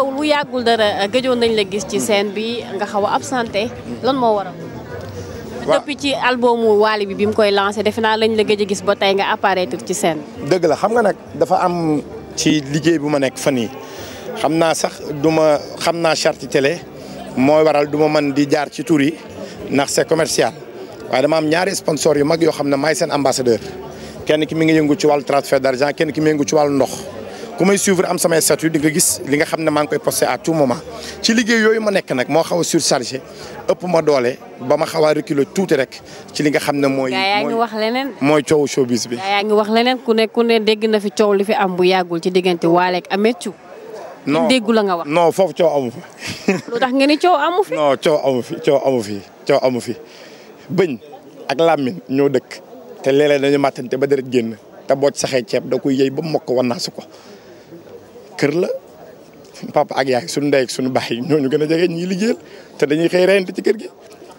Sow lu yàggul dara a gëjoon nañ la gis ci hmm. scène bi nga xaw a absenté hmm. lan moo waral. waaw depuis ci albumu Wally bi bi mu koy lancé defe naa lañ la gëj a gis ba tey nga apparaître ci scène dëgg la xam nga nag dafa am ci liggéey bu ma nekk fan nii xam naa sax du ma xam naa charte télé mooy waral du ma mën di jaar ci tur yi ndax c'est commercial waaye dama am ñaari sponsor yu mag yoo xam ne maay seen ambassadeur kenn ki mu ngi yëngu ci wàllu transfert d'argent kenn ki mi ci wàllu ndox. ku may suivre am samay statut di nga gis li nga xam ne maa ngi koy posté à tout moment ci liggéey yooyu ma nekk nag moo xaw a surchargé ëpp ma doole ba ma xaw a reculer tuuti rek ci li nga xam ne mooy. yaa ngi wax leneen mooy coowu showbiz bi. yaa wax leneen ku ne ne dégg na fi coow li fi am bu yàggul ci diggante waaleek ak Ameth non déggu la nga wax. non foofu coow amu fa. tax ngeen ni coow amu fi. non coow amu amu fi coow amu fi bëñ ak làmmiñ ñoo dëkk te léeg-léeg dañu màttante ba deret génn te boo ci saxee ceeb da koy yëy ba mokk wan naa su ko. kër la papa ak yaay suñu ndey ak suñu baay ñooñu gën a jege ñuy liggéeyal te dañuy xëy reyante ci kër gi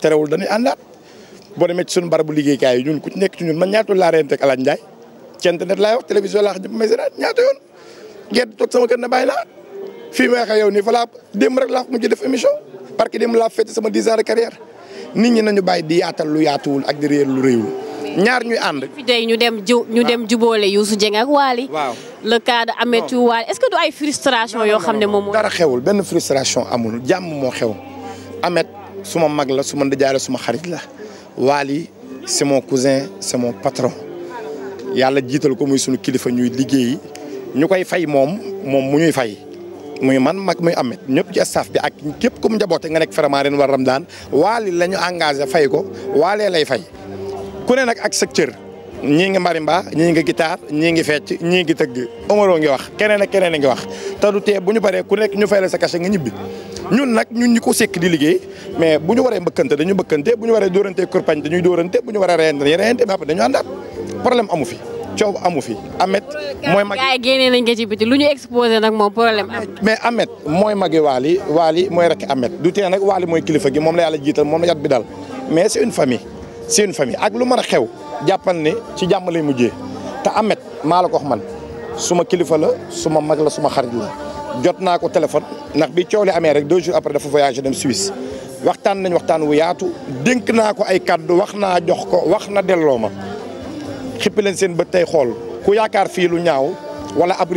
terewul yi ñun ku ci nekk ci ñun man ñaata laa reyante ak El Hadj Ndiaye ci internet laay wax télévision laa xam ne bu may seetaan ñaata yoon gerte toog sama kër na bàyyi de carrière nit ñi nañu bàyyi di yaatal lu di réer lu réewul ñaar ñuy ànd. fi tey ñu dem ju ñu dem jubóole Youssou Dieng ak Waly. waaw le cas de Ameth Waly est-ce que du ay frustration yoo xam ne moom dara xewul benn frustration amul jàmm moo xew amet suma mag la suma ndijaay la suma xarit la Waly c'est mon cousin c'est mon patron yàlla jiital ko muy sunu kilifa ñuy liggéey ñu koy fay moom moom mu ñuy fay muy man mag muy Ameth ñëpp ci staff bi ak képp ku mu njaboote nga nekk vraiment ren war Ramadan Waly la ñu engagé fay ko waale lay fay ku ne nag ak secteur ñii ngi marimba ñii ngi guitare ñii ngi fecc ñii ngi tëgg Omaro ngi wax keneen ak keneen a ngi wax te du tee bu ñu paree ku nekk ñu fay la sa cachet nga ñibbi ñun nag ñun ñi ko sekk di liggéey mais bu ñu waree mbëkkante dañu mbëkkante bu ñu waree dóorante kurpañ dañuy dóorante bu ñu waree reyante dañuy reyante mais après dañu àndaat problème amu fi coow amu fi Ameth mooy mag gars yi génnee nañ lu ñu exposé nag moom problème am mais Ameth mooy magi Waly Waly mooy rek Ameth du tee nag Waly mooy kilifa gi moom la yàlla jiital moom la bi dal mais c'est une famille c'est ak lu mën a xew jàppal ne ci jàmm lay mujjee te Ameth maa la man suma kilifa la suma mag la suma xarit la jot naa ko téléphone ndax bi coow li amee rek deux jours après dafa voyagé dem Suisse waxtaan nañ waxtaan wu yaatu dénk naa ko ay kàddu wax naa jox ko wax na delloo ma xippi leen seen bët tey xool ku yaakaar fii lu ñaaw wala ab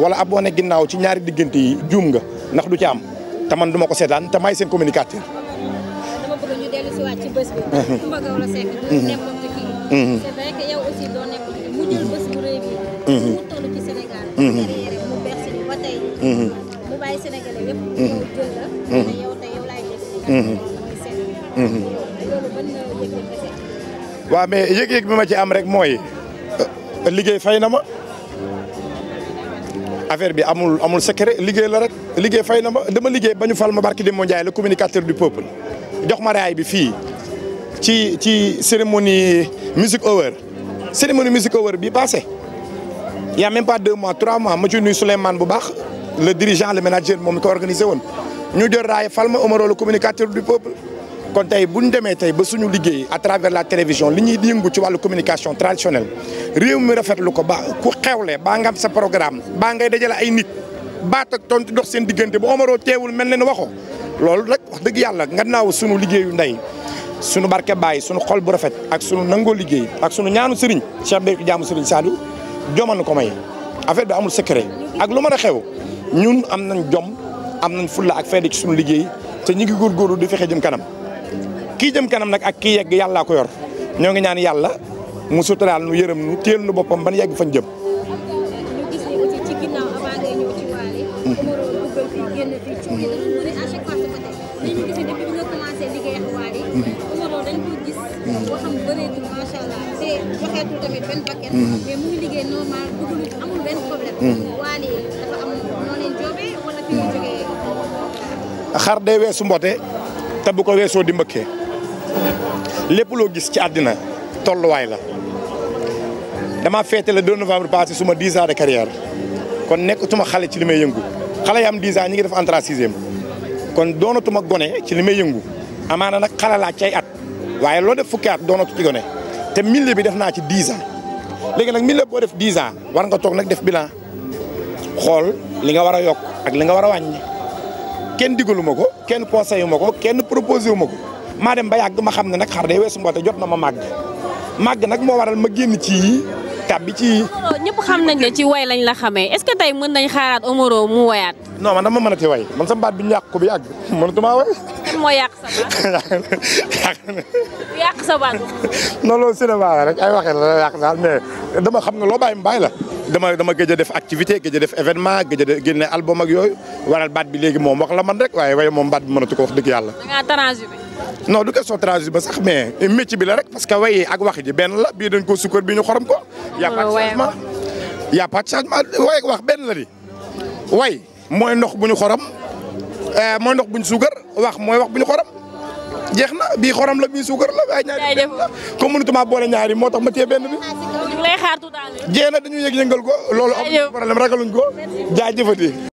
wala ab wane ginnaaw ci ñaari diggante yi juum nga ndax du ci am te man du ko seetaan te maay seen communicateur. Mm-hmm. c'est vrai que yow bi. mais yëg bi ma ci am rek mooy euh, liggéey fay na ma. affaire bi amul amul secret liggéey la rek liggéey fay na ma dama liggéey ba ñu fal ma barki Demba Ndiaye le communicateur du peuple jox ma raay bi fii ci ci cérémonie music hour cérémonie music hour bi passé y' a même pas deux mois trois mois ma ci nuyu Souleymane bu baax le dirigeant le manager moom mi ko organisé woon ñu jël raay fal ma communicateur du peuple kon tey bu ñu demee tey ba suñu liggéey à travers la télévision li ñuy yëngu ci wàllu communication traditionnelle réew mi rafetlu ko ba ku xewle baa nga am sa programme baa ngay dajale ay nit baat ak tontu dox seen diggante bu Omaro teewul mel ne ni waxoo loolu nag wax dëgg yàlla nga naaw suñu liggéeyu ndey sunu barke Baye sunu xol bu rafet ak sunu nangoo liggéey ak sunu ñaanu Serigne Cheikh Béthio jaamu Serigne Saliou joman ko may affaire bi amul secret ak lu mën a xew ñun am nañ jom am nañ fulla ak fayda ci sunu liggéey te ñu ngi góorgóorlu di fexe jëm kanam kii jëm kanam nag ak kii yegg yàllaa ko yor ñoo ngi ñaan yàlla mu suturaal nu yërëm nu téel nu boppam ban yegg fañ jëm. te joxeetul mm-hmm. mm-hmm. weesu mbote te bu ko weesoo di mbëkkee lépp loo gis ci àddina tolluwaay la dama féete le 2 novembre passé suma 10 ans de carrière kon nekkatuma xale ci li may yëngu xale yi am 10 ans ñi ngi def entrée sixième kon doonatuma gone ci li may yëngu amaana nag xale laa at waaye loo def fukki at doonatu ci gone te milieu bi def naa ci dix ans léegi nag milieu boo def dix ans war nga toog nag def bilan xool li nga war a yokk ak li nga war a wàññi kenn digalu ma ko kenn conseillé ma ko kenn proposé wu ma ko maa dem ba yàgg ma xam ne nag xar day weesu mboote jot na ma màgg màgg nag moo waral ma génn ci tàbbi ci. ñëpp xam nañ ne ci way lañ la xamee est-ce que tey mën nañ xaaraat Omaro mu wayaat. non man dama mënati way man sama baat bi ñàkk ko bi yàgg mënatu maa way. lan moo yàq sa baat. yàq sa la rek ay waxee la la yàq daal mais dama xam nga loo bàyyi mbaay la dama dama gëj def activité gëj def événement gëj a génne album ak yooyu waral baat bi léegi moom wax la man rek waaye waaye moom baat bi mënatu ko wax dëgg yàlla. da ngaa transhumé. non du question sax mais métier bi la rek parce que waye ak wax ji benn la bii dañ ko sukkar bi ñu xorom ko. y'a pas de changement y'a pas de changement wax benn la di way mooy ndox bu ñu xorom. Eh, mooy ndox buñ suukar wax mooy wax buñ xorom jeex na bii xorom la bii suukar la waaye ñaari la comme mënutuma boole ñaari moo tax ma téye benn bi. ñu lay xaar tout yëg yëngal ko loolu am problème ragaluñ ko jaajëfati